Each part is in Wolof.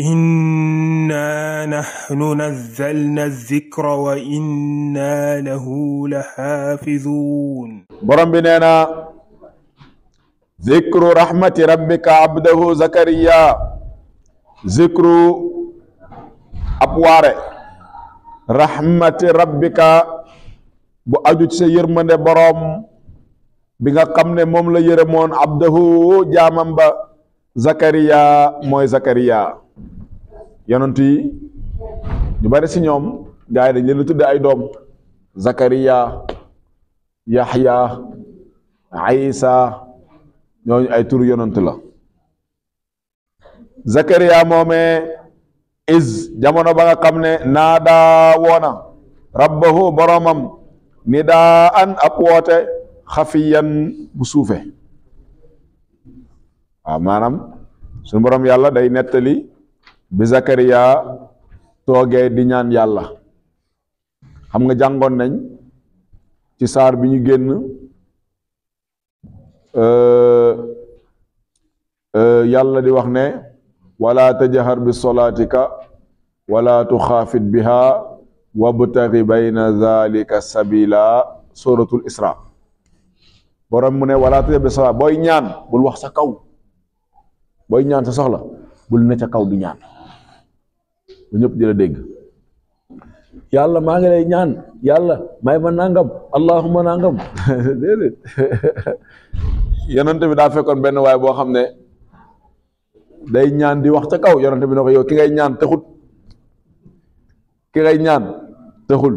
انا نحن نزلنا الذكر وانا له لحافظون برم بنينا ذكر رحمة ربك عبده زكريا ذكر أبوار رحمة ربك bu aju ci sa yërmande borom bi nga xam ne moom la yërëmoon abdahu jaamam ba zakariya mooy zakariya yonent yi ñu bari si ñoom gaa yi dañ leen tudde ay doom Zakariya Yaxya Isa ñooñu ay tur yonent la Zakariya moomee is jamono ba nga xam ne naa daa woona rabbahu boromam ni daa an ab woote xafiyan bu suufe waaw maanaam suñu borom yàlla day nettali bi Zakaria toogee di ñaan yàlla xam nga jàngoon nañ ci saar bi ñu génn euh, euh, yàlla di wax ne wala tajhar bi solaatika wala tuxaafit biha wabtagi bayna zalika sabila suratul isra borom mu ne wala tajhar bi solaatika booy ñaan bul wax sa kaw booy ñaan sa soxla bul ne ca kaw di ñaan bu ñëpp di la dégg yàlla maa ngi lay ñaan yalla may ma nangam allahumma nangam dedet yonent bi da fekkon ben way bo xamne day ñaan di wax ta kaw yonent bi ne ko yow ki ngay ñaan taxul ki ngay ñaan taxul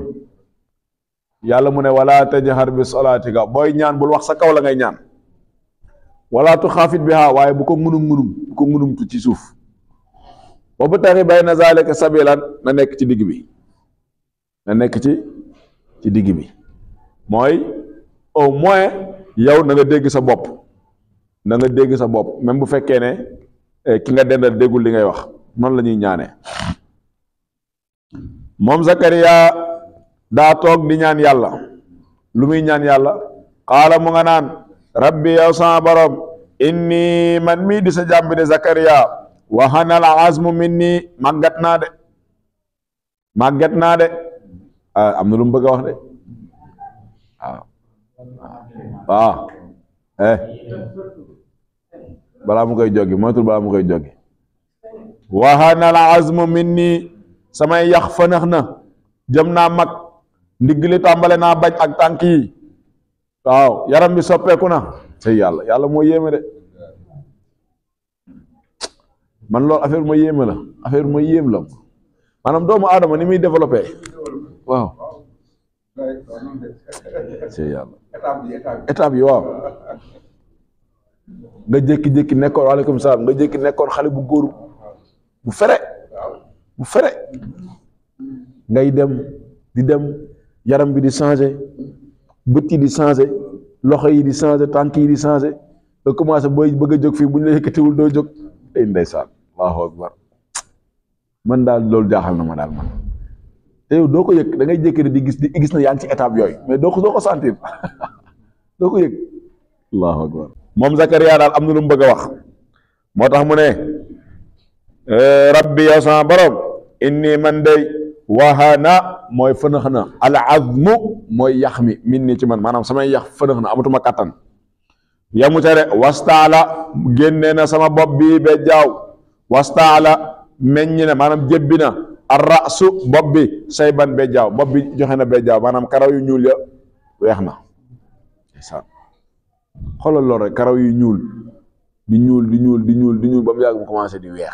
yalla mu ne wala tajhar bi salaatika boy ñaan bul wax sa kaw la ngay ñaan wala tu khafit biha waye bu ko munum munum ko munum tu ci suuf bo bu taxé bayna zalika sabilan na nek ci digg bi na nek ci ci digg bi moy au moins yow na nga dégg sa bop na nga dégg sa bop même bu féké né eh, ki nga dendal déggul li ngay wax non lañuy ñaané mom Zakaria da tok di ñaan yalla lu muy ñaan yalla qala mu nga naan rabbi ya sama borom inni man mi di sa jambi de Zakaria wahana la azmu minni magatna de magatna naa de ah, am na lu mu bëgg wax de waaw ah. ah. eh bala mu koy joggi tur bala mu koy joggi wahana la azmu minni sama yax jamna mak ndigli tambale na ndigg ak tanki yi yaram bi soppeku na sey yalla yalla mo yeme de man loolu affaire bi ma yéeme la affaire bi ma yéem la maanaam doomu aadama ni muy développé waaw. c'est yàlla étape yi waaw nga jékki-jékki nekkoon waaleykum salaam nga jékki nekkoon xale bu góor bu fere bu fere ngay dem di dem yaram bi di changé bët yi di changé loxo yi di changé tànk yi di changé nga commencé booy bëgg a jóg fii bu ñu la yëkkatiwul doo jóg day ndeysaan allahu akbar man daal loolu jaaxal na ma daal man te yow doo ko yëg da ngay jékki di gis gis na yaa ci étape yooyu mais doo ko doo ko doo ko yëg moom Zakaria daal am na lu mu bëgg a wax moo tax mu ne eh, rabbi yow sama borom inni man day wahana mooy fënax na al azmu mooy yax mi min ni ci man maanaam samay yax fënax na amatuma kattan yamu tere wastaala génnee na sama bopp bii ba jaaw wastaala meññ na maanaam jébbi na arrasu bopp bi sayban be jaaw bopp bi joxe na be maanaam karaw yu ñuul ya weex na xoolal lool rek karaw yu ñuul di ñuul di ñuul di ñuul di ñuul ba mu yàgg mu commencé di weex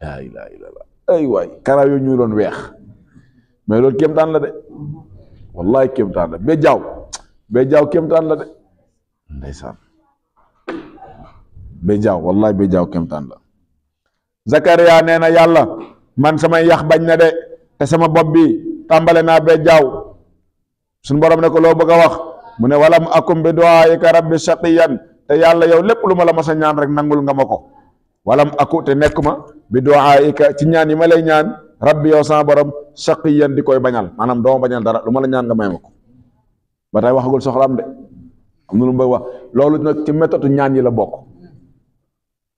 laa ilaaha illallaah ay waay karaw yu ñuuloon weex mais loolu kéemtaan la de wallahi kéemtaan la be jaaw be jaaw kéemtaan la de ndeysaan be jaaw wallahi be jaaw kéemtaan la Zakaria nee na man sama yax bañ na de te sama bopp bi tambale na be jaw sun borom ne ko lo bëgg wax mu ne walam akum bi duaayika rabbi shaqiyan te yalla yow lepp luma la massa ñaan rek nangul nga mako walam aku te nekuma ma bi duaayika ci ñaan yi ma lay ñaan rabbi yow sama borom shaqiyan di koy bañal manam do ma bañal dara luma la ñaan nga may mako batay waxagul soxlam de am na lu bëgg wax lolu nak ci méthode ñaan yi la bok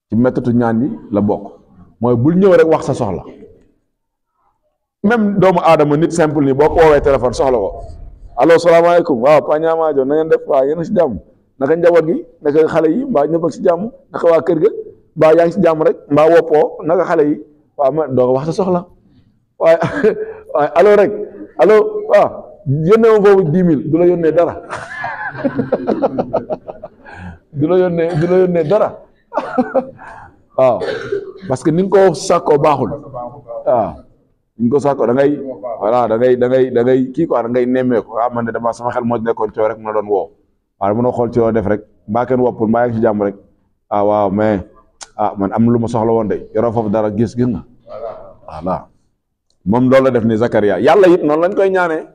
ci méthode ñaan yi la bok mooy bul ñëw rek wax sa soxla même doomu aadama nit simple nii boo ko woowee téléphone soxla ko allo salaamaaleykum waaw Pa Niamaajo na def waa yéen si jàmm naka njaboot gi naka xale yi mbaa ñëpp si jàmm naka waa kër ga mbaa yaa si jàmm rek mbaa woppoo naka xale yi waaw man doo ko wax sa soxla waaye waaye allo rek allo waaw yónnee foofu dix du la yónnee dara du la yónnee du dara. ah parce que nin ko sako bahul ah nin ko sako da ngay wala da ngay da ngay da ngay kii quoi da ngay nemmee ko ah man de dama sama xel moo nekkoon coow rek mu la doon woo waaye mënoo xool ci loo def rek mbaa kenn woppul mbaa yaa ci jàmm rek ah waaw mais ah man am lu ma soxla woon de yoroo foofu dara gis gis nga voilà moom loolu la def ni Zakaria yàlla it noonu lañ koy ñaanee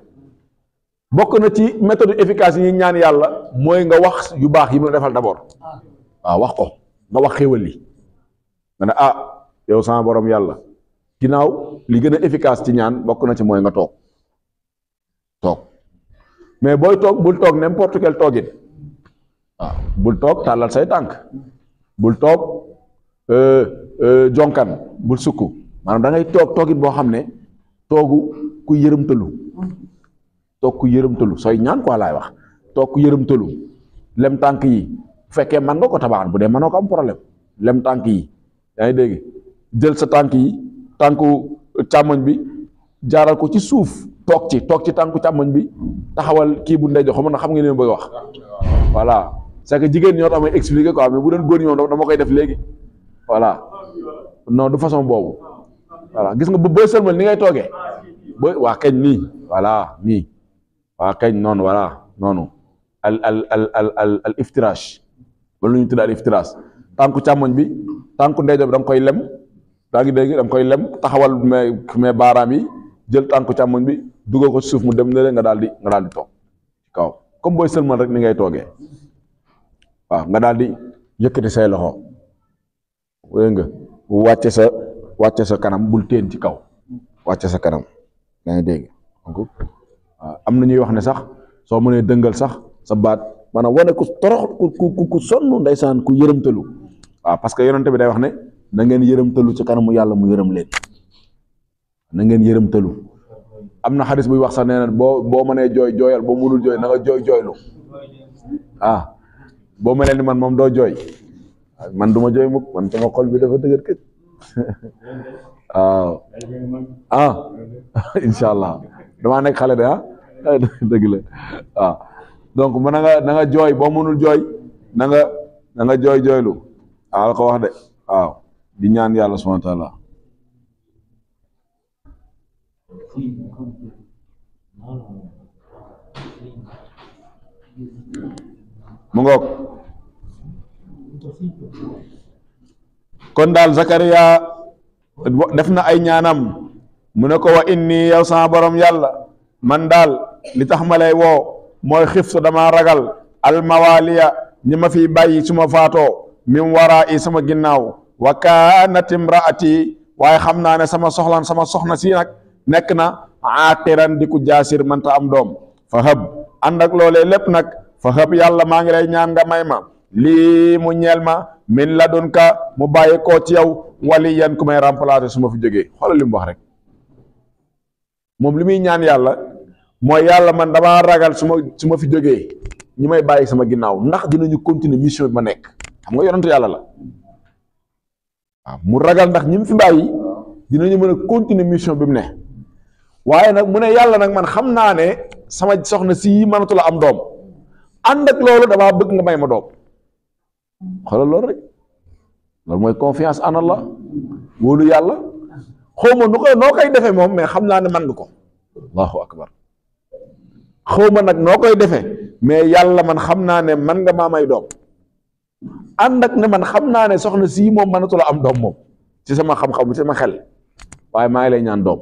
bokk na ci méthode efficace yi ñaan yàlla mooy nga wax yu baax yi mu la defal d'abord waaw ah, wax ko nga wax xéwal li nga ne ah yow sama boroom yàlla ginnaaw li gën a efficace ci ñaan bokk na ci mooy nga toog toog mais booy toog bul toog n'importe quel toogin bul toog tàllal say tànk bul toog euh, euh, jonkan bul sukk maanaam da ngay toog toogin boo xam ne toogu ku yërëmtalu toog ku yërëmtalu sooy ñaan quoi laay wax toog ku yërëmtalu lem tànk yi bu fekkee man nga ko tabaxan bu dee mënoo ko am problème lem tànk yi yaa ngi dégg jël sa tànk yi tànku càmmoñ bi jaaral ko ci suuf toog ci toog ci tànku càmmoñ bi taxawal kii bu ndeyjo xam na xam ngeen li ma wax voilà c'est que jigéen ñoo tax may expliquer quoi mais bu doon góor ñi moom dama koy def léegi voilà non du façon boobu voilà gis nga bu booy sëlmal ni ngay tooge booy waa kañ nii voilà nii waa kañ noonu voilà noonu al al al al al al iftirash ba tànku càmmoñ bi tànku ndey dem dang koy lem dagi ngi dang koy lem taxawal me me baram bi jël tànku càmmoñ bi dugal ko suuf mu dem ne nga daldi nga daldi tok kaw comme boy sëlmal rek ni ngay toge wa nga daldi di say loxo wéy nga wacce sa wacce sa kanam bul teen ci kaw wacce sa kanam ngay ngi ngou am na ñuy wax ne sax soo ne dëngal sax sa baat mana wane ku torox ku ku sonu ndaysan ku waaw parce que yonent bi day wax ne na ngeen yërëmtalu ci kanamu yàlla mu yërëm leen na ngeen yërëmtalu am na xalis buy wax sax nee boo boo mënee jooy jooyal boo mënul jooy na jooy jooylu ah boo melee ni man moom doo jooy man du ma jooy mukk man sama xol bi dafa dëgër këj ah incha allah dama nekk xale de ah? donc man na nga jooy boo mënul jooy na nga na jooy jooylu. al ko wax de waaw di ñaan yalla subhanahu wa taala mu ngok kon dal zakaria def na ay ñaanam mu ne ko wa inni ya sama borom man dal li tax malay wo moy xifsu dama ragal al mawaliya ñima fi bayyi suma faato min waraa'i sama ginnaw wa kanat imraati way xamna ne sama soxlan sama soxna si nak nek na aaqiran di jasir man ta am dom fahab andak lolé lepp nak fahab yalla ma ngi lay ñaan nga may ma mu ñel ma min ladunka mu baye ko ci yow waliyan ku may remplacer suma fi xol li mu wax rek mom limi ñaan yalla moy yalla man dama ragal suma suma fi jógee ñi may baye sama ginnaw ndax dinañu continuer mission bi ma nek xam nga yonentu yàlla la waaw mu ragal ndax ñim fi bàyyi dinañu mën a continuer mission bi mu ne waaye nag mu ne yàlla nag man xam naa ne sama soxna si mënatu la am doom ànd ak loolu damaa bëgg nga may ma doom xoolal loolu rek loolu mooy confiance en Allah wóolu yàlla xaw ma nu ko noo koy defee moom mais xam naa ne man nga ko allahu akbar xaw ma nag noo koy defee mais yàlla man xam naa ne man nga maa may doom ànd ak ne man xam naa ne soxna sii moom mënatul am doom moom ci sama xam-xam ci sama xel waaye maa ngi lay ñaan doom.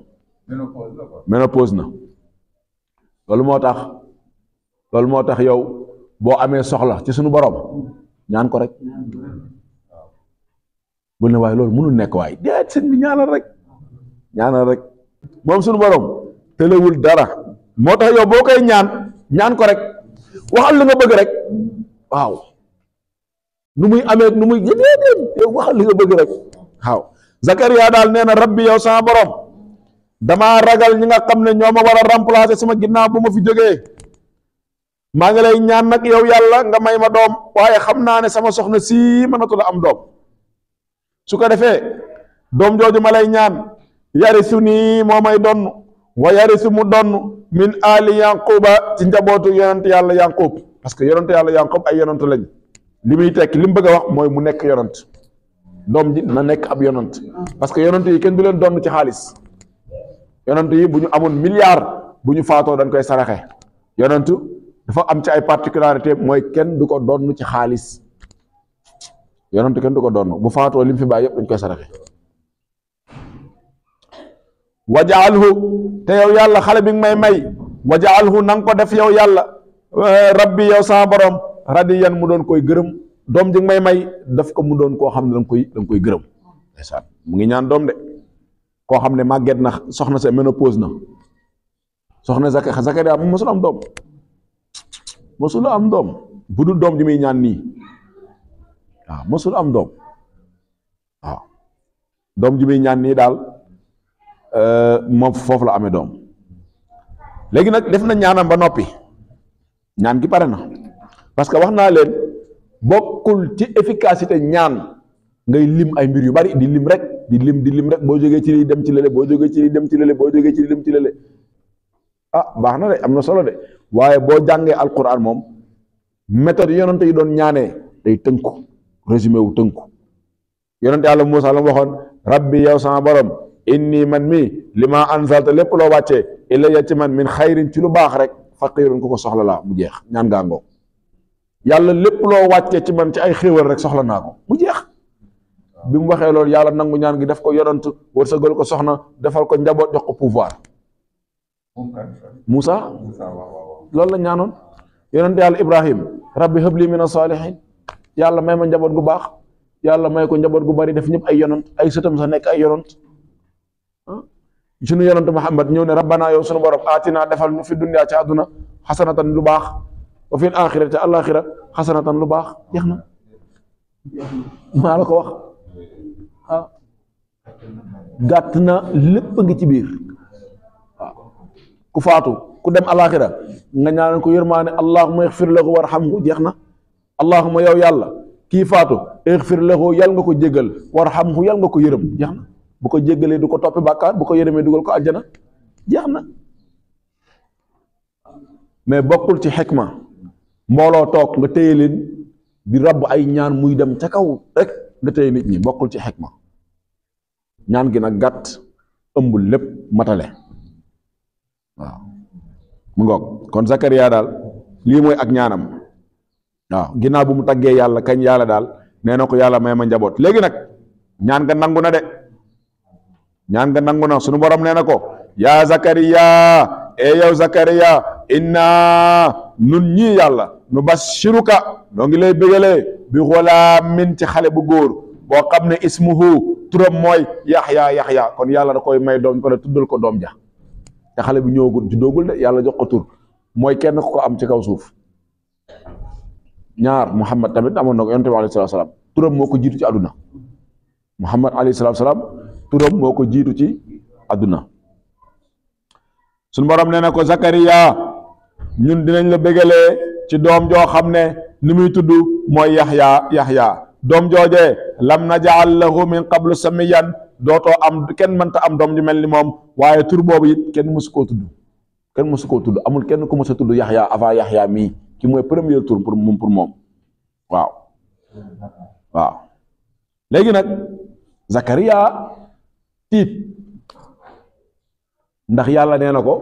ménopause na loolu moo tax loolu moo tax yow boo amee soxla ci suñu borom ñaan ko rek bul ne waaye loolu mënul nekk waaye déet rek ñaanal rek moom suñu borom tëlewul dara moo tax koy ñaan ñaan ko rek waxal li nga bëgg rek waaw. nu muy amé nu muy wax li nga bëgg rek waaw Zakaria dal néna rabbi yow sama borom dama ragal ñi nga xamné ñoma wara remplacer sama ginnaw bu ma fi joggé ma nga lay ñaan nak yow yalla nga may ma doom waye xamna né sama soxna sii la am doom su ko défé doom joju ma lay ñaan yarisuni nii may wa yarisu mu don min ali yaquba ci njabotu yonent yalla yaqub parce que yonent yalla yaqub ay yonent lañu li muy tekk li mu bëgg wax mooy mu nekk yonant doom ji na nekk ab yonant parce que yonant yi kenn du leen doon ci xaalis yonant yi ñu amoon milliard bu ñu faatoo dañ koy saraxe yonant dafa am ci ay particularité mooy kenn du ko doon ci xaalis yonant kenn du ko doon bu faatoo li fi bàyyi yëpp dañ koy saraxe wajaalhu te yow yàlla xale bi nga may may wajaalhu na nga ko def yow yàlla rabbi yow sama borom yan mu doon koy gërëm doom ji may may daf ko mu doon koo xam ne danga koy danga koy gërëm ndeysaan mu ngi ñaan doom de koo xam ne màgget na soxna sa ménopause na soxna Zaka Zakaria mu mosul am doom mosul am doom bu doom ji muy ñaan nii mosul am doom waaw doom ji muy ñaan nii daal euh, moom foofu la amee doom léegi nag def na ñaanam ba noppi ñaan gi pare na parce que wax naa leen bokkul ci efficacité ñaan ngay lim ay mbir yu bari di lim rek di lim di lim rek boo jógee ci lii dem ci lële boo jógee ci lii dem ci lële boo jógee ci lii dem ci lële ah baax na am na solo de waaye boo jàngee alquran moom méthode yonante yi doon ñaanee day tënku wu tënku yàlla Muusaa la mu waxoon rabbi yow sama borom inni man mi li ma anzalta lépp loo wàccee ilayya ci man min xayrin ci lu baax rek faqiirun ku ko soxla laa mu jeex ñaan gaangoo yalla lepp lo wacce ci man ci ay xewal rek soxla nako bu jeex bi mu waxe lol yalla nangu ñaan gi def ko yonant wërsëgal ko soxna defal ko njabot jox ko pouvoir Musa kan lol la ñaanon yonent yalla Ibrahim rabbi habli min salihin yalla may ma njabot gu bax yalla may ko njabot gu bari def ñep ay yonent ay sëtam sa nek ay yonant ah. sunu yonant Muhammad ñew ne rabbana yow sunu borom atina defal ñu fi dunya ci aduna hasanatan lu bax wa fil axira te alaxira xasanatan lu baax jeex na maa la ko wax waaw gàtt na lépp ngi ci biir waaw ku faatu ku dem alaxira nga ñaanal ko yërmaane allahuma war lahu warhamhu jeex na allahuma yow yàlla kii faatu ixfir lahu yàlla nga ko jéggal warhamhu yàlla nga ko yërëm jeex na bu ko jéggalee du ko toppi bàkkaar bu ko yërëmee dugal ko aljana jeex na mais bokkul ci xikma mbooloo toog nga téye leen di rabb ay ñaan muy dem ca kaw rek nga téye nit ñi bokkul ci ma ñaan gi nag gàtt ëmb lépp matale waaw mu ngoog kon Zakaria daal lii mooy ak ñaanam waaw ginnaaw bu mu taggee yàlla kañ yàlla daal nee na ko yàlla may ma njaboot léegi nag ñaan nga nangu na de ñaan nga nangu na sunu borom nee na ko yaa Zakaria e yow Zakaria inna nun ñii yàlla nu bashiruka doo ngi lay bégalee bi xulaamin ci xale bu góor boo xam ne ismuhu turam mooy yaxya yaxya kon yàlla da koy may doom pare tuddal ko doom ja te xale bi ñëwagul juddoogul de yàlla jox ko mooy kenn ku ko am ci kaw suuf ñaar muhammad tamit amoon na ko yonent bi alayhi salaatu salaam turam moo ko jiitu ci àdduna muhammad alayhi salaatu salaam turam moo ko jiitu ci àdduna suñu borom nee na ko zakariya ñun dinañ la bégalee ci doom joo xam ne ni muy tudd mooy yaxya yaxya doom joojee lam na la lahu min qablu samiyan dootoo am kenn mënta am doom ju mel ni moom waaye tur boobu it kenn mësu koo tudd kenn mësu koo tudd amul kenn ku mës a tudd yaxya avant yaxya mii ki mooy premier tur pour moom pour moom waaw waaw léegi nag Zakaria tiit ndax yàlla nee na ko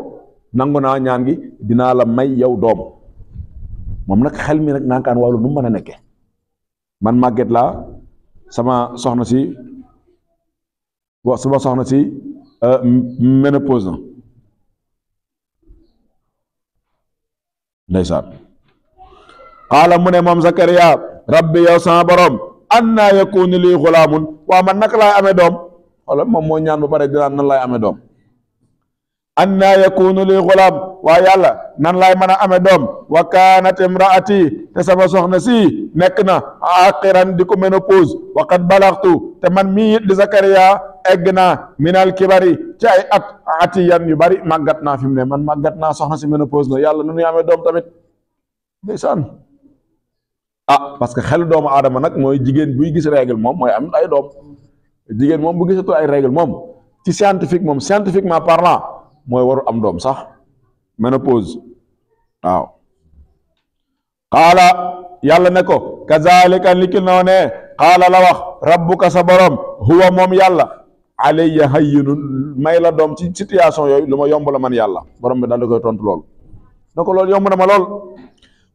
nangu naa ñaan gi dinaa la may yow doom moom nag xel mii nag nankaan waaw lu nu mën a nekke man màgget laa sama soxna si wa sama soxna si euh, ménopause na ndeysaan qaala mu ne moom Zakariya rabbi yow sama borom annaa yakunu lii xulaamun waaw man naka laay amee doom xoolal moom moo ñaan ba pare dinaan nan laay amee doom anna yakunu li gulaam waa yàlla nan laay mën a amee doom wa kaanat imraati te sama soxna si nekk na aqiran di ko ménopause wa qad balagtu te man mii di Zakariya egg naa minal kibari ci ay at atiyan yu bari màggat naa fi mu man màggat naa soxna si ménopause na yàlla nu ñuy amee doom tamit ndeysaan ah parce que xelu doomu aadama nag mooy jigéen buy gis règle moom mooy am ay doom jigéen moom bu gisatul ay règle moom ci scientifique moom scientifiquement parlant mooy waru am doom sax ménopause waaw xaala yàlla ne ko kazalika liki noone xaala la wax rabbuka sa borom huwa moom yàlla alayya hayyinun may la doom si situation yooyu lu ma yomb la man yàlla borom bi daal da koy tontu lool na ko loolu yomb na ma lool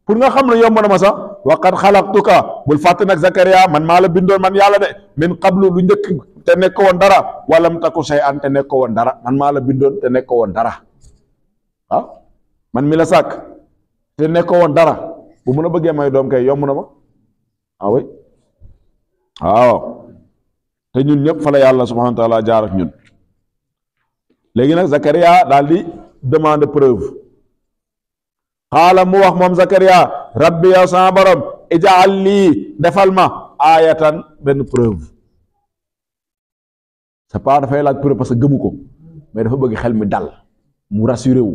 pour nga xam ne yomb na ma sax waqad xalaqtuka bul fàtte nag Zakaria man maa la bindoon man yàlla de min qablu lu njëkk te nekk woon dara walam taku say an te nekk woon dara man maa la bindoon te nekk woon dara ah? man mi la sàkk te nekk woon dara bu mun a bëggee may doom kay yomb na ma ah waaw te ñun ñëpp fa la yàlla subhanahu wa taala jaar ak ñun léegi nag Zakaria daal di demande preuve xaala mu wax moom Zakaria rabbi yow sama borom ijaal lii defal ma aayatan benn preuve c'est pas dafay laaj preuve parce que gëmu ko mais dafa bëgg xel mi dal mu rassuré wu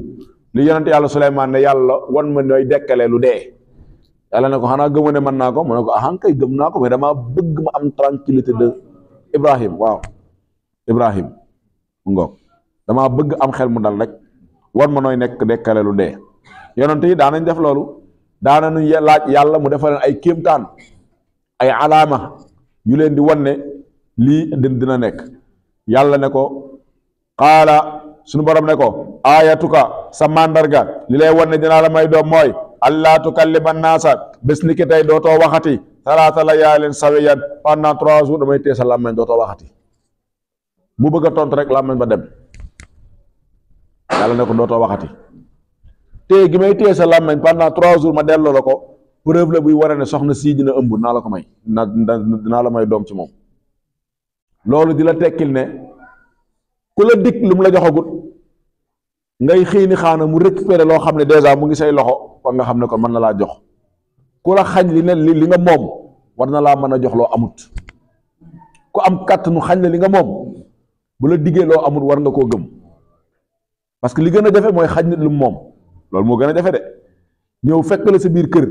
li yonente yàlla Suleymaan ne yàlla wan ma nooy dekkalee lu dee yàlla ne ko xanaa gëmoo ne mën naa ko mu ko ahan gëm naa ko mais damaa bëgg ma am tranquillité de Ibrahim waaw Ibrahim mu ngoog damaa bëgg am xel mu dal rek wan ma nooy nekk dekkale lu dee yonente yi daanañ def loolu daanañu laaj yàlla mu defaleen ay kéemtaan ay alaama yu leen di wan ne lii dina nekk yàlla ne ko xaala suñu borom ne ko aayatuka sa mandarga li lay wan ne dinaa la may doom mooy allah tukallima naasa bés ni ki tey dootoo waxati salaata la yaa leen sawe yan pendant trois jours damay tee sa làmmeñ bëgg a tontu rek làmmeñ ba dem yàlla ne ko dootoo waxati tee gi may tee sa làmmeñ pendant trois jours ma delloo la ko preuve la buy wane ne soxna sii dina ëmb naa la ko may na dinaa la may doom ci moom lolu dila tekil ne ku la dikk lu la joxagut ngay xiini xana mu récupéré lo xamne dèjà mu ngi say loxo ko nga xamne ko man mën na laa jox ku la xañ li ne li nga mom war na la mën jox lo amut ku am kàttanu xañ la li nga mom bu la diggee lo amut war nga ko gëm parce que li gëna défé moy xagn lu mom lolu mo gëna défé de ñëw fekk la sa biir kër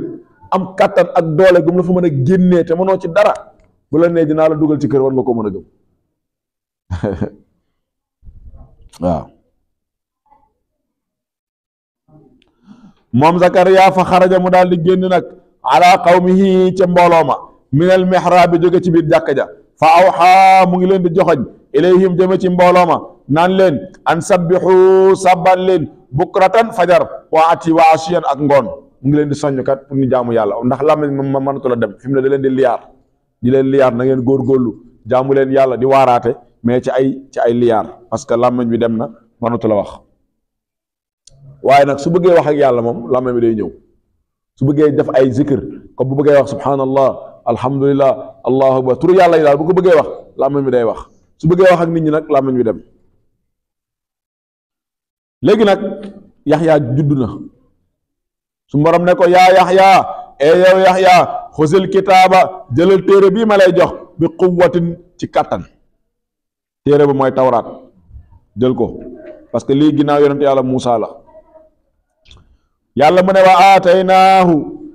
am katan ak doole gum la fa meuna génné te mëno ci dara bu la né dina la duggal ci kër war nga ko mën gëm waaw moom Zakariya fa xaraja mu daal génn nag ala qawmihi ca mbooloo ma minal mihraabi jóge ci biir jàkka ja fa awxaa mu ngi leen di joxoñ ilayhim jëme ci mbooloo ma naan leen an sabbixu sabbal leen bukratan fajar wa ati waa asiyan ak ngoon mu ngi leen di soññ kat pour ñu jaamu yàlla ndax làmmiñ ma mënatu la dem fi mu ne leen di liyaar di leen liyaar na ngeen góorgóorlu jaamu leen yàlla di waaraate mais ci ay ci ay liar parce que lamagne bi dem na mënatu la wax waye nak su beugé wax ak yalla mom lamagne bi day ñew su beugé def ay zikir ko bu beugé wax subhanallah alhamdulillah allahu akbar turu yalla yi bu ko beugé wax lamagne bi day wax su beugé wax ak nit ñi nak lamagne bi dem léegi nak yahya judduna su mborom ne ko ya yahya e yow yahya khuzil kitaba bi malay jox bi quwwatin ci katan téere ba mooy tawraat jël ko parce que lii ginnaaw yonent yàlla Muusa la yàlla mu ne wa aataynaahu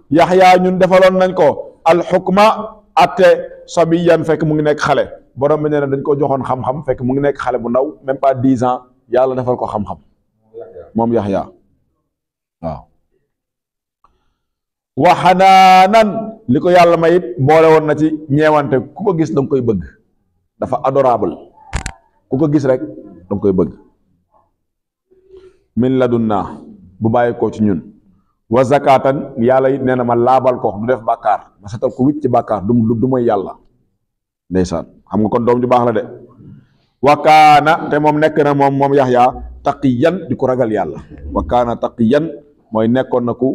yaxyaa ñun defaloon nañ ko alxukma atte sabiyan fekk mu ngi nekk xale borom bi nee na dañ ko joxoon xam-xam fekk mu ngi nekk xale bu ndaw même pas dix ans yàlla defal ko xam-xam moom yaxyaa waaw waxanaanan li ko yàlla may boole woon na ci ñeewante ku ko gis danga koy bëgg dafa adorable ku ko gis rek danga koy bëgg min ladunnaa bu bàyyi koo ci ñun wa zakatan yàlla yit nee na ma laabal ko du def bàkkaar ma setal ko wicc ci bàkkaar du du may yàlla ndeysaan xam nga kon doom ju baax la de wakaana te moom nekk na moom moom yaxyaa taqiyan di ko ragal yàlla wakaana taqiyan mooy nekkoon na ku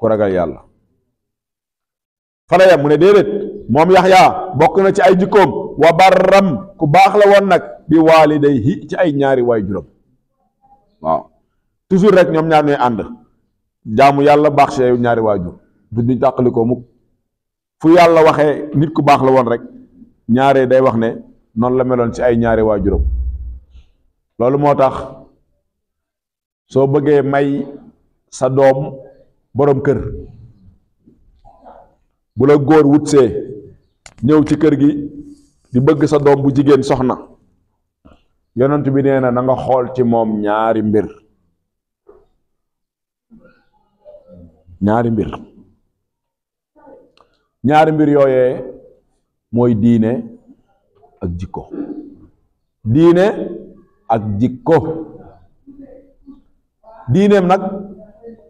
ku ragal yàlla fala yam mu ne déedéet moom yaxyaa bokk na ci ay jikkoom wa barram ku baax la woon nag bi waalidayhi ci ay ñaari waay juróom waaw toujours rek ñoom ñaar ñooy ànd jaamu yàlla baax ci ñaari waajur du ñu tàqalikoo mukk fu yàlla waxee nit ku baax la woon rek ñaaree day wax ne noonu la meloon ci ay ñaari waajuram loolu moo tax soo bëggee may sa doom boroom kër bu la góor wutsee ñëw ci kër gi di bëgg sa doom bu jigéen soxna yonent bi nee na nga xool ci moom ñaari mbir ñaari mbir mbir yooyee mooy diine ak jikko diine ak jikko diineem nag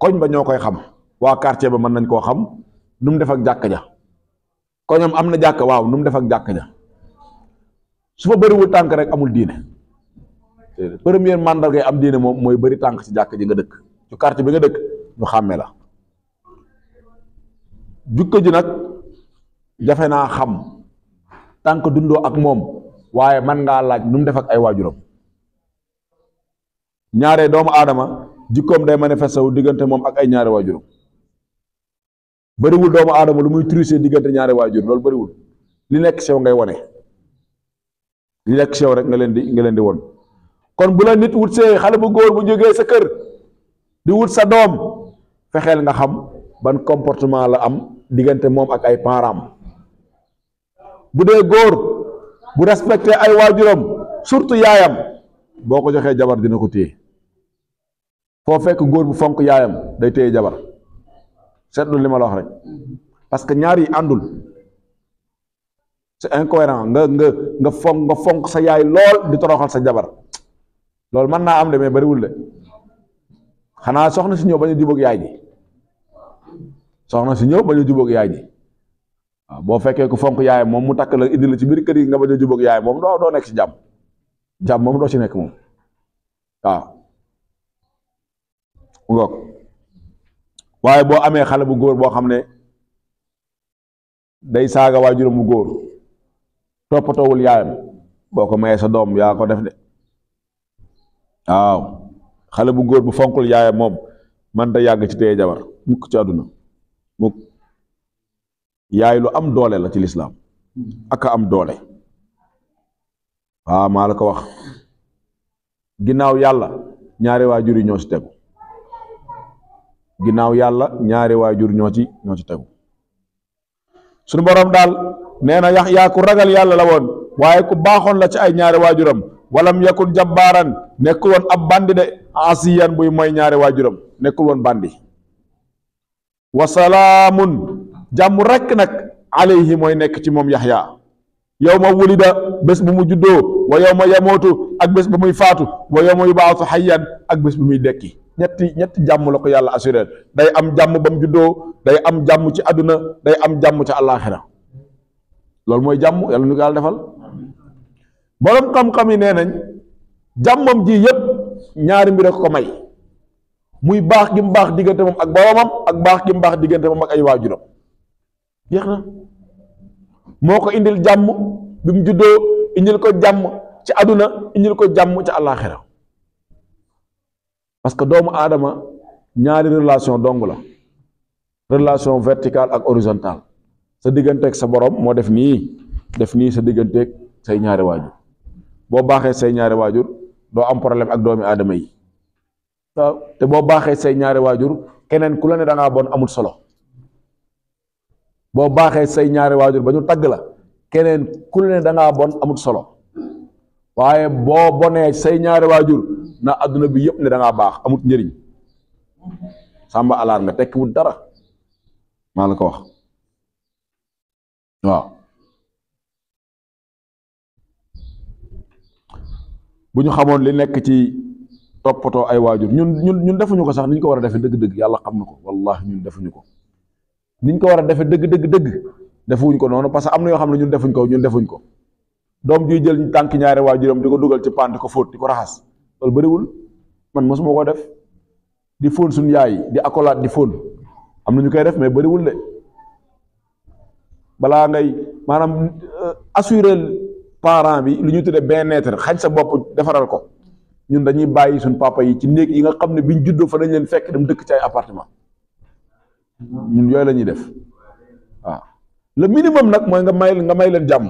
koñ ba ñoo koy xam waa quartier ba mën nañ koo xam nu mu def ak jàkk ja koñam am na jàkk waaw nu mu def ak jàkk ja su fa bëriwul tànk rek amul diine première mandargay am diine moom mooy bëri tànk ci jàkk ji nga dëkk ci kart bi nga dëkk ñu xàmmee la jukka ji nag jafe naa xam tànk dundoo ak moom waaye man ngaa laaj nu mu defak ay waajuram ñaaree doomu aadama jikkoom day manifesté wu diggante moom ak ay ñaari waajuram bëriwul doomu aadama lu muy tricher diggante ñaari waajur loolu bariwul li nekk sew ngay wone li nekk sew rek nga leen di nga leen di won kon bu la nit wutse xale bu goor bu juga sa keur di wut sa dom fexel nga xam ban comportement la am digante mom ak ay param bu de goor bu respecté ay waajuram surtout yayam boko joxe jabar dina ko tey fo fek goor bu fonk yayam day tey jabar setlu lima la wax rek parce que ñaar yi andul c'est incohérent nga nga nga fonk nga fonk sa yaay lol di toroxal sa jabar loolu mën naa am de mais bariwul de xanaa soxna si ñëw ba ñu jubóog yaay ji soxna si ñëw ba ñu jubóog yaay ji boo fekkee ku fonk yaay moom mu takk la indi la ci biir kër yi nga ba ñu jubóog yaay moom doo doo nekk ci jàmm jàmm moom doo ci nekk moom waaw waaye boo amee xale bu góor boo xam ne day saaga waajuram bu góor toppatoowul yaayam boo ko mayee sa doom yaa ko def de waaw xale bu góor bu fonkul yaayam moom man da yàgg ci téye jabar mukk ci àdduna mukk yaay lu am doole la ci lislaam aka am doole waaw maa la ko wax ginnaaw yàlla ñaari waajur yi ñoo ci tegu ginnaaw yàlla ñaari waajur ñoo ci ñoo ci tegu suñu borom daal nee na Yaxya ku ragal yàlla la woon waaye ku baaxoon la ci ay ñaari waajuram walam yakun jabbaran nekul won ab bandi de asiyan buy moy ñaari wajuram nekul won bandi salamun jam rek nak alayhi moy yahya ci mom yahya yawma ma wulida bes bu mu juddo wa yawma ma ak bes bu muy fatu wa yawma ma hayyan ak bes bu muy dekki ñet ñet jam la ko yalla assuré day am jamu bam juddo day am jamu ci aduna day am jamu ci alakhirah lol moy jam yalla nu gal defal borom xam-xam yi nee nañ jàmmam ji yépp ñaari mbir ko may muy baax gi mu baax diggante moom ak boromam ak baax gi mu baax diggante moom ak ay waajuram jeex na moo ko indil jàmm bi mu juddoo indil ko jàmm ci aduna indil ko jàmm ci àllaaxira parce que doomu aadama ñaari relation dong la relation verticale ak horizontale sa ak sa borom moo def nii def nii sa ak say ñaari waajur boo baaxee say ñaari waajur doo am problème ak doomi aadama yi te boo baaxee say ñaari waajur keneen ku la ne da ngaa bon amul solo boo baaxee say ñaari waajur ba tagg la keneen ku ne da ngaa bon amul solo waaye boo bonee say ñaari waajur na àdduna bi yëpp ne dangaa baax amut njëriñ sàmba alaar nga tekkiwul dara maa la ko wax waaw buñu xamone li nek ci topoto ay wajur ñun ñun ñun defuñu ko sax niñ ko wara def deug deug yalla xamna ko wallahi ñun defuñu ko niñ ko wara def deug deug deug dëgg defuñ ko nonu parce que amna yo yoo ñun defuñ ko ñun defuñ ko dom juy jël tank ñaari wajuram diko duggal ci ko diko rahas lol man mosuma moko def di fóon sun yaay di akolat di fóon amna ñu koy def mais bëriwul de bala ngay manam euh, assurer parent bi lu ñu tuddee bien-être xaj sa bopp defaral ko ñun dañuy bàyyi suñ papa yi ci néeg yi nga xam ne biñ juddoo fa dañ leen fekk dem dëkk ci ay appartement ñun yooyu la ñuy def waaw le minimum nag mooy nga may nga may leen jàmm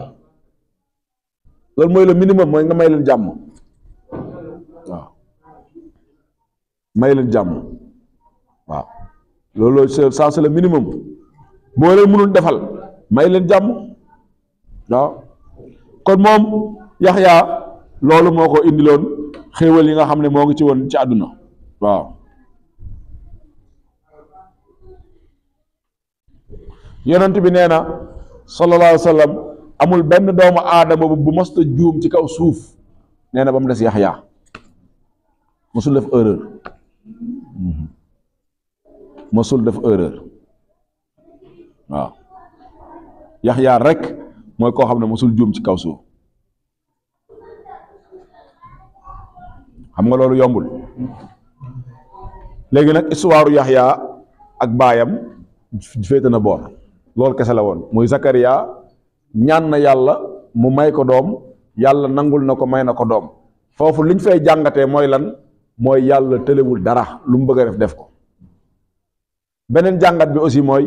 loolu mooy le minimum mooy nga may leen jàmm waaw jàmm waaw loolu ça c'est le minimum moo leen mënul defal may leen jàmm waaw kon moom yaxyaa loolu moo ko indiloon xéewal yi nga xam ne moo ngi ci woon ci àdduna waaw yonent bi nee na sallallahu alayhi wa amul benn doomu aadama bu mosta juum ci kaw suuf nee na ba mu des yaxyaa mosul def erreur mhm. mosul def erreur waaw yaxyaa rek mooy koo xam ne mosul juum ci kaw suuf xam nga loolu yombul léegi nag histoire Yaxya ak baayam féete na boor loolu kese la woon muy Zakaria ñaan na yàlla mu may ko doom yàlla nangul na ko may na ko doom foofu liñ fay jàngatee mooy lan mooy yàlla telewul dara lu mu bëgg a def def ko beneen jàngat bi aussi mooy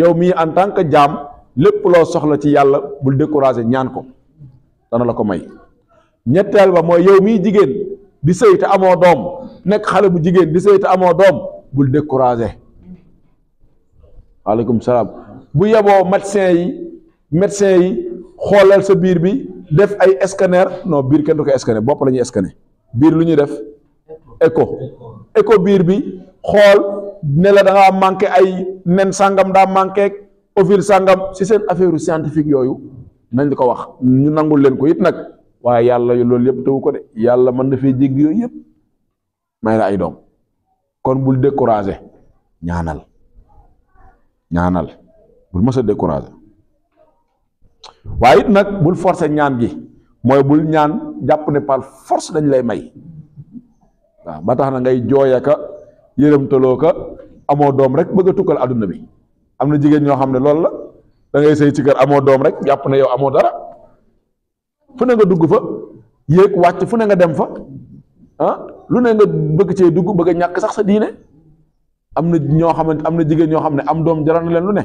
yow mii en tant jaam. lépp loo soxla ci yàlla bul découragé ñaan ko dana la ko may ñetteel ba mooy yow mi jigéen di sëy te amoo doom nekk xale bu jigéen di sëy te amoo doom bul découragé waaleykum salaam bu yeboo médecin yi médecin yi xoolal sa biir bi def ay scanner non biir kenn du ko scanner bopp la ñuy biir lu ñuy def écho écho biir bi xool ne la da ngaa manqué ay nen sàngam daa manqué. ofil sàngam si seen affaire scientifique yooyu nañ ko wax ñu nangul leen ko it nag waaye yàlla loolu yëpp tëwu ko de yàlla mën na fee jégg yooyu yëpp may la ay doom kon bul découragé ñaanal ñaanal bul mës a waaye it nag bul force ñaan gi mooy bul ñaan jàpp ne par force dañ lay may waaw ba tax na ngay jooya ka yërëmtaloo ka amoo doom rek bëgg a tukkal àdduna bi am na jigéen ñoo xam ne loolu la da ngay sëy ci kër amoo doom rek jàpp na yow amoo dara fu ne nga dugg fa yéeg wàcc fu ne nga dem fa ah lu ne nga bëgg cee dugg bëgg ñàkk sax sa diine am na ñoo ne am na jigéen ñoo xam ne am doom jaral na leen lu ne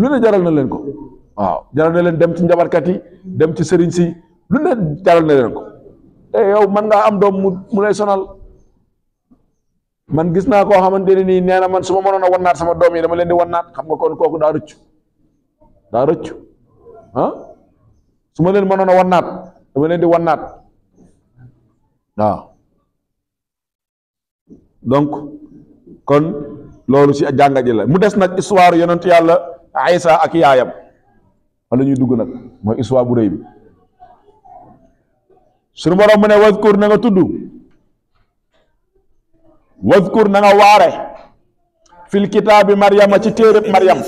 lu ne jaral na leen ko waaw jaral na leen dem ci njabarkat yi dem ci sëriñ si lu ne jaral na leen ko te yow mën ngaa am doom mu mu lay sonal. man gis na ko xamanteni ni neena man suma ma mënoon sama doom dama len di wannaat xam nga kon koku da rëccu da rëccu ah suma len leen mënoon dama len di wannaat waaw donc kon lolu ci jangaji la mu dess nak histoire yonentu yalla aïssa ak yaayam wala ñuy dugg nak moy histoire bu reuy bi suñu borom mu ne waskur na nga tuddu waskur na nga waare fil kitaabi maryama ci téereb maryam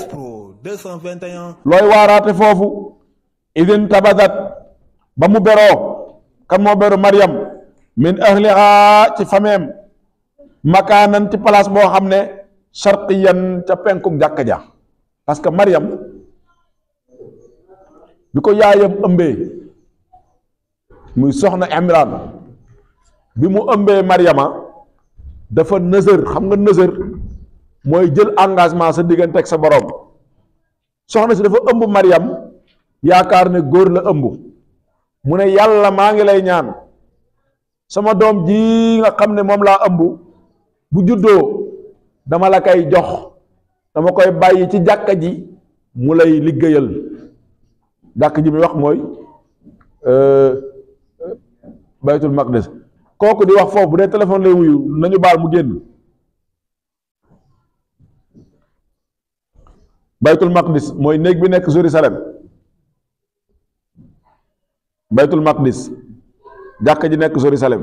looy waaraate foofu idin tabasat ba mu beroo kan moo beru maryam min ahliha ci fameem makaanan ci place boo xam ne sharqiyan ca penkum jàkka ja parce que maryam bi ko yaayam ëmbee muy soxna imran bi mu ëmbee maryama dafa neuseur xam nga neuseur moy jël engagement sa diggante ak sa borom soxna ci dafa ëmb Mariam yaakar ne góor la ëmb mu ne ngi lay ñaan sama dom ji nga xamne mom la ëmb bu juddo dama la kay jox dama koy bayyi ci jakka ji mu lay liggeyal jakka ji mi wax euh baytul maqdis kooku di wax foofu bu dee téléphone lay wuyu nañu baal mu génn baytul maqdis mooy néeg bi nekk Jérusalem baytul maqdis jàkka ji nekk Jérusalem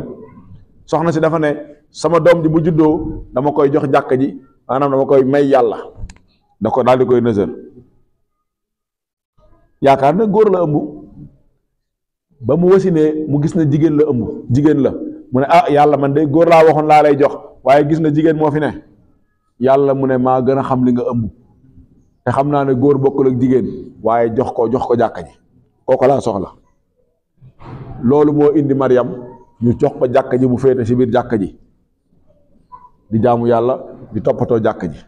soxna si dafa ne sama doom ji bu juddoo dama koy jox jàkka ji maanaam dama koy may yàlla da ko daal di koy nësër yaakaar na góor la ëmb ba mu wasinee mu gis na jigéen la ëmb jigéen la mu ne ah yàlla man day góor laa waxoon laa lay jox waaye gis na jigéen moo fi ne yàlla mu ne maa gën a xam li nga ëmb te xam naa ne góor bokkul ak jigéen waaye jox ko jox ko jàkka ji kooko laa soxla loolu moo indi Mariam ñu jox ko jàkka ji mu féete si biir jàkka ji di jaamu yàlla di toppatoo jàkka ji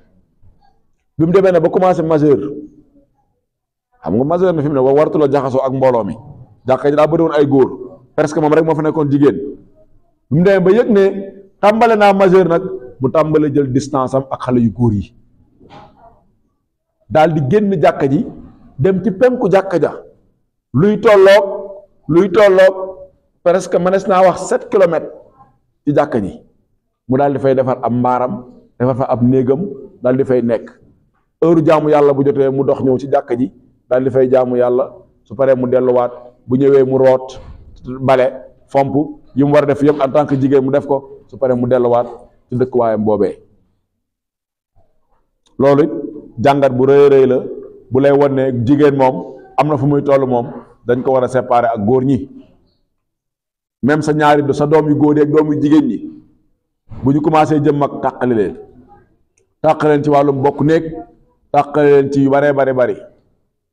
bi mu demee ne ba commencé majeur xam nga majeur na fi mu ne ba wartu la jaxasoo ak mbooloo mi jàkka ji daa bëri woon ay góor presque moom rek moo fa nekkoon jigéen bi mu demee ba yëg ne tàmbale naa majeur nag mu tàmbale jël distance am ak xale yu góor yi daal di génn jàkka ji dem ci penku jàkka ja luy tolloog luy tolloog presque mënees naa wax sept kilomètres ci jàkka ji mu daal di fay defar ab mbaaram defar fa ab néegam daal di fay nekk heure jaamu yàlla bu jotee mu dox ñëw ci jàkka ji daal di fay jaamu yàlla su paree mu delluwaat bu ñëwee mu root bale fomp yi war def yëpp en tant que jigen mu def ko su pare mu delluwaat ci dekk boobee loolu lolou jangat bu reey reey la bu lay wone jigen mom amna fu muy tollu mom dañ ko war a séparer ak gor ñi même sa ñaari sa doom yu góor ak doom yu jigen ñi bu ñu commencé jëm mag tàqale leen tàqale leen ci walu bokk nek tàqale leen ci yu bare bare bari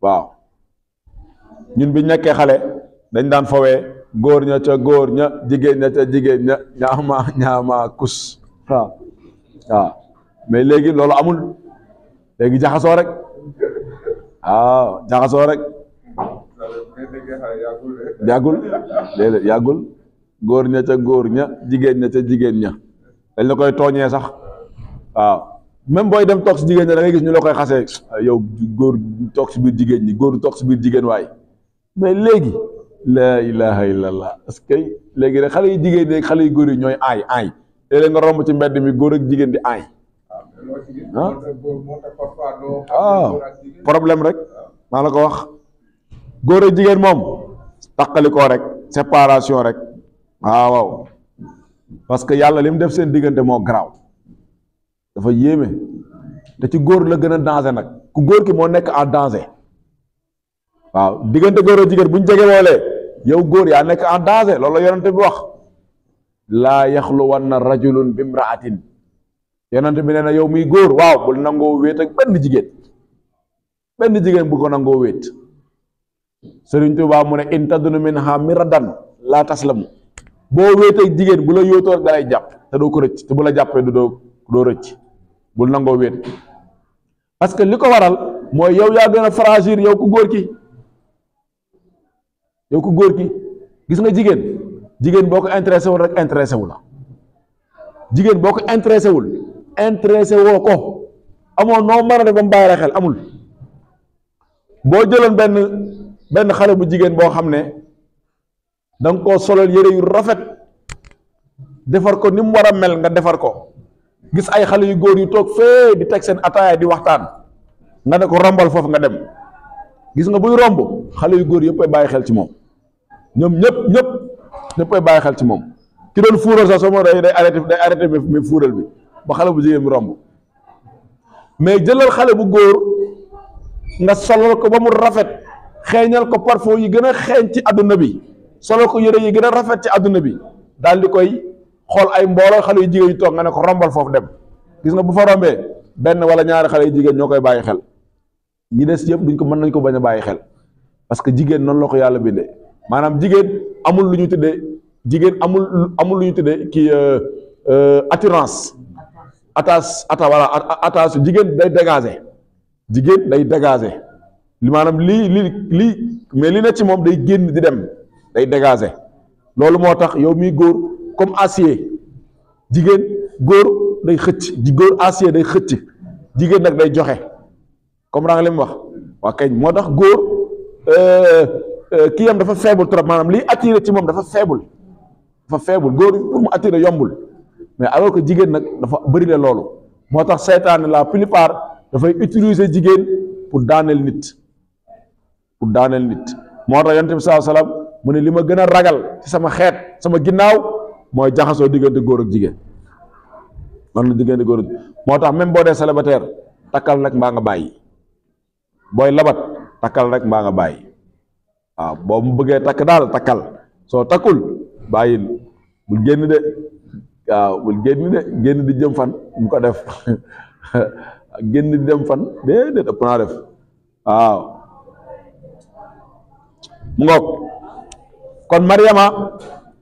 waaw ñun bi ñu xalé dañ daan fowé gornya ña ca góor ña jigéen nyama ca kus waaw waaw me legi lolu amul legi jaxaso rek waaw jaxaso rek yagul déedéet yagul gornya ña ca góor ña jigéen ña ca jigéen ña dañ la koy sax wa même boy dem toog si jigéen da ngay gis ñu la koy xasse yow gor toog si biir jigéen ñi góor toog si biir mais legi laa ilaha illallah parce que léegi nag xale yu jigéen ñi xale yu góor yi ñooy aay aay léeg-léeg nga romb ci mbedd mi góor ak jigéen di aay ah, ah. ah. rek maa la ko wax góor ak jigéen moom taqalikoo rek séparation rek waaw ah, waaw parce que yàlla li mu def seen diggante moo garaaw dafa yéeme te ci góor la gën a danger nag ku góor ki moo nekk en danger waaw diggante góor ak jigéen bu ñu jege loolee yow góor yaa nekk en danger loolu la yonente bi wax laa yaxluwanna rajulun bimraatin yonente bi nee na yow muy góor waaw bul nangoo wéet ak benn jigéen benn jigéen bu ko nangoo wéet Sëriñ Tuubaa mu ne in tadunu minha miradan laa taslamu boo wéet ak jigéen bu la yóotoo da lay jàpp te doo ko rëcc te bu la jàppee du doo doo rëcc bul nangoo wéet parce que li ko waral mooy yow yaa gën a fragile yow ku góor ki yow ku goor ki gis nga jigen jigen boko intéressé wul rek intéressé wu la jigéen boo intéressé wul intéressé woko amo no noo mën a def xel amul bo jëlon ben ben xalé bu jigen bo xamné dang ko solal yere yu rafet defar ko nim wara mel nga defar ko gis ay xalé yu goor yu tok fe di tek sen ataya di waxtaan nga ne ko rombal foofu nga dem gis nga buy romb xalé yu goor yëpp baye xel ci mom ñoom ñëpp ñëpp ñëppay bàyyi xel ci moom ki doon fuural sax soo ma day arrêté day arrêté mi fuural bi ba xale bu jigéen bi romb mais jëlal xale bu góor nga solal ko ba mu rafet xeeñal ko parfum yi gën a xeeñ ci àdduna bi solal ko yére yi gën a rafet ci àdduna bi daal di koy xool ay mbooloo xale yu jigéen yu toog nga ne ko rombal foofu dem gis nga bu fa rombee benn wala ñaari xale yu jigéen ñoo koy bàyyi xel ñu des yëpp duñ ko mën nañ ko bañ a bàyyi xel parce que jigéen noonu la ko yàlla bindee. Madame, jigen amul luñu ñu jigen amul amul euh, euh, voilà jigen day dégager jigen day dégager li mais li na ci mom day di dem day dégager yow comme acier jigen góor day xëc di acier day xëc jigen nak day comme Eh, Kiam yam dafa faible trop manam li attirer ci mom dafa faible dafa faible gori pour mu attirer yombul mais alors que jigen nak dafa bëri la loolu moo la la plupart fay utiliser jigen pour danel nit pour danel nit moo tax yonent bi saa salaam lima ragal ci sama xet sama ginnaw moy jaxaso digënde góor ak jigen man la digënde góor motax même bo dé célibataire takal nak ma nga bayyi boy labat takal rek ma nga bayyi waaw boo mu bëggee takk daal takkal soo takkul bàyyil bul génn de waaw bul génn de génn di jëm fan bu ko def génn di dem fan déedéet ëpp naa def waaw mu ngoog kon Mariama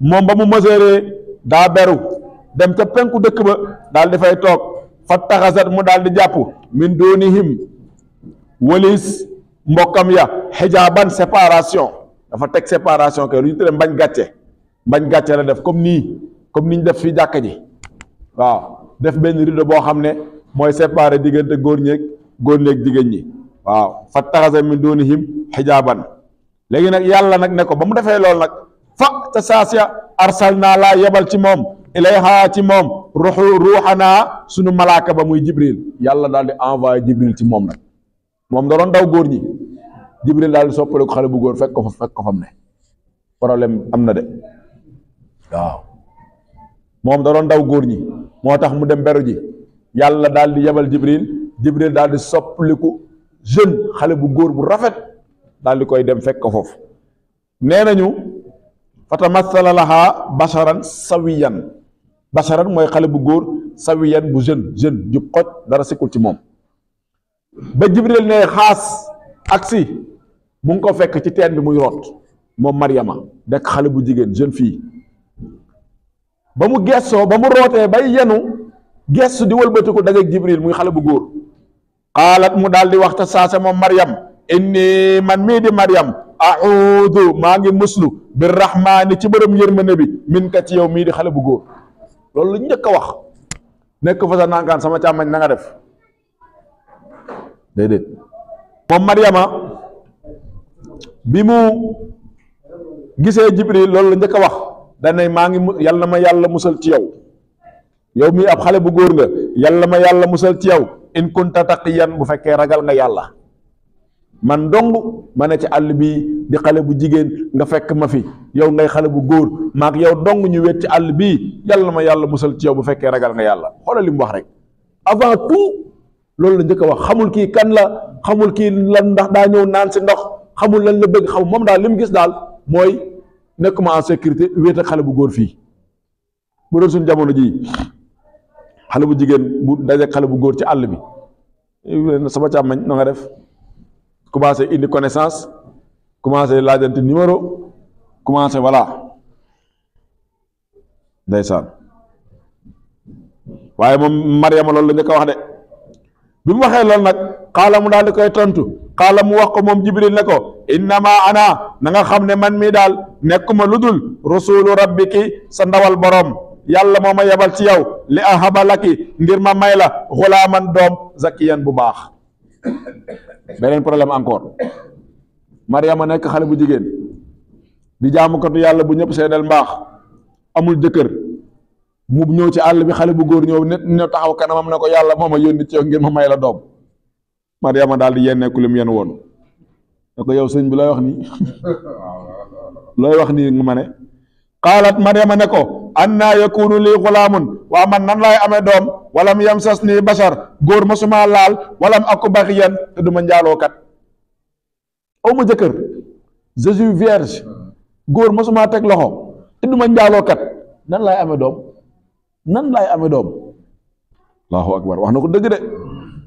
moom ba mu mëseeree daa beru dem ca penku dëkk ba daal di fay toog fa taxasat mu daal di jàpp min doonihim walis mbokkam ya xijaaban séparation dafa teg séparation kay lu ñu tuddee mbañ gàcce mbañ gàcce la def comme nii comme ni ñu def fi jàkka ji waaw def benn rideau boo xam ne mooy séparé diggante góor ñeeg góor ñeeg jigéen ñi waaw fattaxasa min duunihim xijaaban léegi nag yàlla nag ne ko ba mu defee loolu nag fa ca saas ya arsal naa laa yebal ci moom ilayha ci moom ruxu ruuxanaa sunu malaaka ba muy jibril yàlla daal di envoyé jibril ci moom nag moom da góor ñi Jibril daal di soppali xale bu góor fekk ko fa fekk ko fam ne problème am na de waaw moom da doon daw góor ñi moo tax mu dem beru ji yàlla daal di yebal Jibril Jibril daal di soppaliku jeune xale bu góor bu rafet daal di koy dem fekk ko foofu nee nañu fatamathala laha basharan sawiyan basharan mooy xale bu góor sawiyan bu jeune jeune jub xoj dara sikkul ci moom ba Jibril ne xaas aksi mu ko fekk ci teen bi muy root moom Mariama nekk xale bu jigéen jeune fii ba mu gessoo ba mu rootee bay yenu gessu di walbatiku dajeeg Jibril muy xale bu góor xaalat mu daal di waxta saase moom Mariam inni man mii di Mariam audu maa ngi muslu bi rahmaani ci borom yërmande bi min ka ci yow mii di xale bu góor loolu lu njëkk a wax nekk fa sa nankaan sama càmmañ na nga def moom Mariama bi mu gisee jibril loolu la njëkk a wax danay maa ngi yal na ma yàlla musal ci yow yow mii ab xale bu góor nga yal na ma yàlla musal ci yow in kunta taqiyan bu fekkee ragal nga yàlla man dong ma ne ci àll bi di xale bu jigéen nga fekk ma fi yow ngay xale bu góor maag yow dong ñu wet ci àll bii yal na ma yàlla musal ci yow bu fekkee ragal nga yàlla xoolal li wax rek avant tout loolu la njëkk a wax xamul kii kan la xamul kii la ndax daa ñëw naan si ndox xamul lan la bëgg xam moom daal li mu gis daal mooy nekk nekkuma en sécurité wéet xale bu góor fii bu doon suñ jamono jii xale bu jigéen bu dajeeg xale bu góor ci àll bi eh, sama càmmañ na nga def commencé indi connaissance commencé laajante numéro commencé voilà ndeysaan waaye moom Mariama loolu la njëkk wax de bi mu waxee loolu nag xaala mu daal di koy tontu. xaala mu wax ko moom jibril ne ko innama ana na nga xam ne man mii daal nekkuma lu dul rasulu rabbiki sa ndawal borom yàlla moo ma yebal ci yow li ahaba laki ngir ma may la man doom zakiyan bu baax beneen problème encore mariama nekk xale bu jigéen di jaamukatu yàlla bu ñëpp seedeel mbaax amul jëkkër mu ñëw ci àll bi xale bu góor ñëw ne ñëw taxaw kanamam na ko yàlla moo a yónni ci yow ngir ma may la doom Mariama dal di yenne ku yen woon won. ko yow sëñ bi lay wax ni lay wax ni nga mané qalat mariama anna yakunu li ghulamun wa man nan lay amé dom walam yamsasni bashar gor basar masuma lal walam aku baxiyan te duma njaalookat kat o mu jeuker jesus vierge gor masuma tek loxo te duma kat nan lay amé dom nan lay amé dom allahu akbar wax nako deug de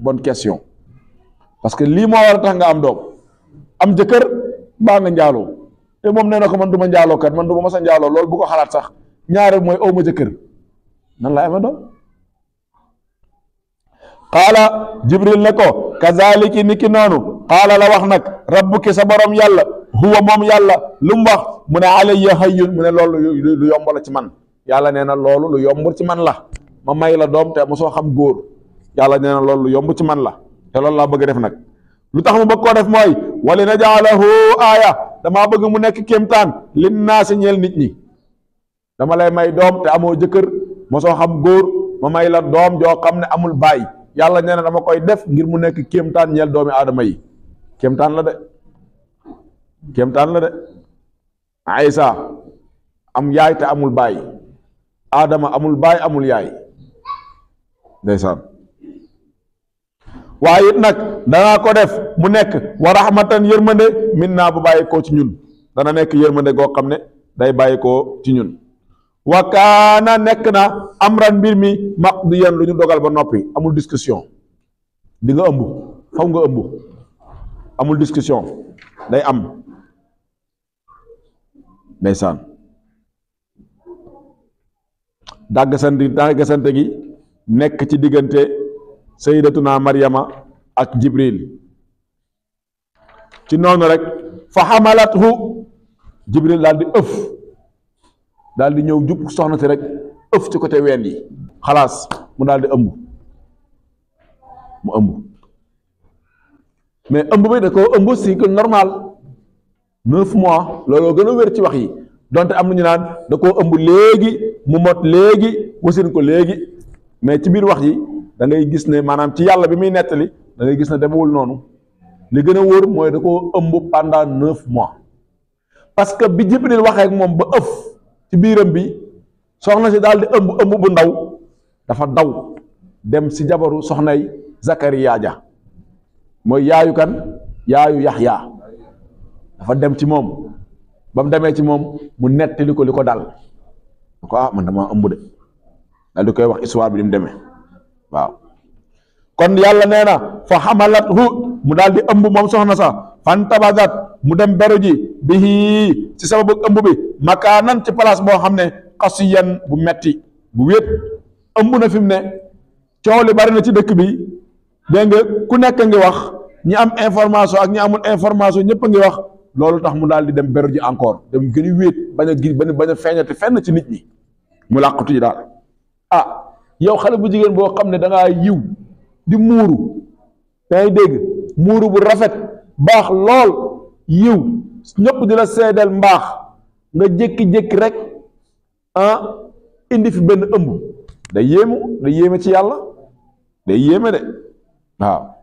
bonne question parce que lii moo war a tax nga am doom am jëkkër mbaa nga njaaloo te moom nee na ko man duma ma njaaloo kat man du ma mës a njaaloo loolu bu ko xalaat sax ñaareel mooy aw ma jëkkër nan laa amee doom qaala jibril ne ko kazaliki niki noonu qaala la wax nag rabbuki sa borom yàlla huwa moom yàlla lu mu wax mu ne alayya hayyun mu ne lool lu yomb la ci man yàlla nee na loolu lu yomb ci man la ma may la doom te soo xam góor yàlla nee na lu yomb ci man la te loolu la bëgg def nak, lu tax mu bëgg ko def moy wali najaalahu aaya damaa bëgg mu nekk kemtan lin nas ñel nit ñi dama lay may doom te jëkër jëkkër so xam goor ma may la doom jo xamne ne amul bay. yalla neena dama koy def ngir mu nekk kemtan ñel doomi adama yi kemtan la de kemtan la de Aysa am yaay te amul bay, adama amul bay amul yaay ndaysan waaye it nag danaa ko def mu nekk wa rahmatan yërmande min naa bu bàyyi koo ci ñun dana nekk yërmande goo xam ne day bàyyi koo ci ñun wa nekk na amran mbir mi maqdiyan lu ñu dogal ba noppi amul discussion di nga ëmb xaw nga ëmb amul discussion day am ndeysaan dàggasante dàggasante gi nekk ci diggante sayyidatuna maryama ak jibril ci noonu rek fa xamalathu jibril daal di ëf daal di ñëw jub soxna si rek ëf ci côté ween yi xalaas mu daal di ëmb mu ëmb mais ëmb bi da ko ëmb cycle normal neuf mois looloo gën a wér ci wax yi donte am ñu naan da koo ëmb léegi mu mot léegi wasin ko léegi mais ci biir wax yi da ngay gis ne maanaam ci yàlla bi muy nettali dangay gis ne demewul noonu li gën a wóor mooy da koo ëmb pendant neuf mois parce que bi Jibril waxee ak moom ba ëf ci biiram bi soxna si daal di ëmb ëmb bu ndaw dafa daw dem si jabaru soxnay Zakariya ja mooy yaayu kan yaayu Yaxya dafa dem ci moom ba mu demee ci moom mu nettali ko li ko dal ko ah man dama ëmb de daal di koy wax histoire bi ni mu demee waaw kon yàlla nee na fa xamalathu mu daal di ëmb moom soxna sa fan tabagat mu dem beru bihi ci sababu ëmb bi makaanan ci place boo xam ne xasiyan bu metti bu wéet ëmb na fi mu ne coow bari na ci dëkk bi dégg nga ku nekk ngi wax ñi am information ak ñi amul information ñëpp ngi wax loolu tax mu daal di dem beru ji encore dem gën a wéet bañ a bañ a feeñati fenn ci nit ñi mu làqatu ji daal ah yow xale bu jigéen boo xam ne dangay ngaa yiw di muuru da dégg muuru bu rafet baax lool yiw ñëpp di la seedeel mbaax nga jékki-jékki rek ah indi fi benn ëmb da yéemu day yéeme ci yàlla day yéeme de waaw